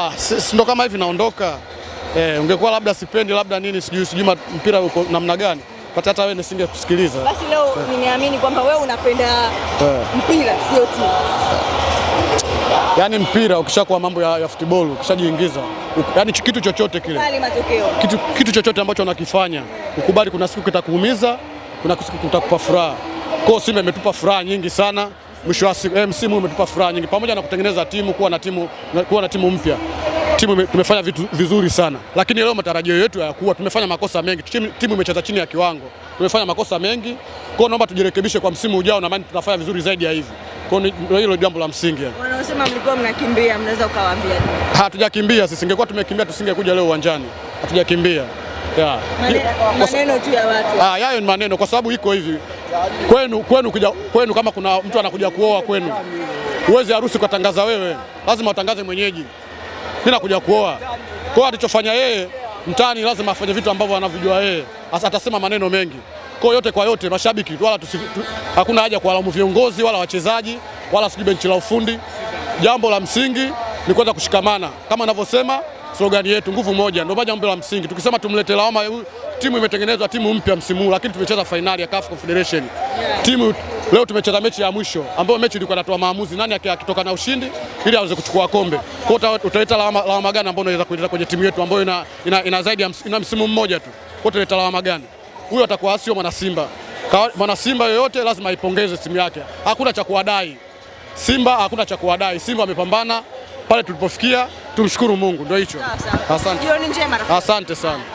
Ah, sisi ndo kama hivi naondoka eh, ungekuwa labda sipendi labda nini sijui sijui mpira uko namna gani pata hata wewe nisinge kusikiliza. Basi leo yeah. Nimeamini kwamba wewe unapenda yeah. mpira sio tu. Yaani mpira ukishakuwa mambo ya, ya football ukishajiingiza yaani kitu chochote kile kitu, kitu chochote ambacho unakifanya ukubali, kuna siku kitakuumiza, kuna siku kitakupa furaha. Kwa hiyo Simba imetupa furaha nyingi sana mwisho wa siku eh, msimu umetupa furaha nyingi, pamoja na kutengeneza timu kuwa na timu, kuwa na timu mpya timu tumefanya vitu vizuri sana, lakini leo matarajio yetu hayakuwa. Tumefanya makosa mengi, timu imecheza chini ya kiwango, tumefanya makosa mengi. Kwa hiyo naomba tujirekebishe kwa msimu ujao, na maana tutafanya vizuri zaidi ya hivi. Kwa hiyo hilo jambo la msingi. Wanaosema mlikuwa mnakimbia, mnaweza ukawaambia nini? Hatujakimbia sisi, ingekuwa tumekimbia tusingekuja leo uwanjani. Hatujakimbia, ah, yayo ni maneno, kwa sababu iko hivi kwenu kwenu kuja, kwenu kama kuna mtu anakuja kuoa kwenu, uwezi harusi ukatangaza wewe, lazima utangaze mwenyeji, mimi nakuja kuoa. Kwa alichofanya yeye mtaani, lazima afanye vitu ambavyo anavijua yeye, hasa atasema maneno mengi. Kwa yote kwa yote, mashabiki wala tusi, tu, hakuna haja kuwalaumu viongozi wala wachezaji wala sijui benchi la ufundi. Jambo la msingi ni kuweza kushikamana kama anavyosema slogani yetu, nguvu moja. Ndio jambo la msingi. Tukisema tumlete lawama timu imetengenezwa timu mpya msimu huu, lakini tumecheza fainali ya CAF Confederation timu. Leo tumecheza mechi ya mwisho ambayo mechi ilikuwa inatoa maamuzi nani akitoka na ushindi ili aweze kuchukua kombe. Kwa utaleta lawama gani ambayo unaweza kuleta kwenye timu yetu ambayo ina, ina, ina zaidi ya ina msimu mmoja tu? Kwa utaleta lawama gani? Huyo atakuwa sio mwana Simba. Mwana Simba yoyote lazima aipongeze timu yake, hakuna cha kuwadai Simba, hakuna cha kuwadai Simba. Amepambana pale tulipofikia, tumshukuru Mungu, ndio hicho. Asante, asante sana.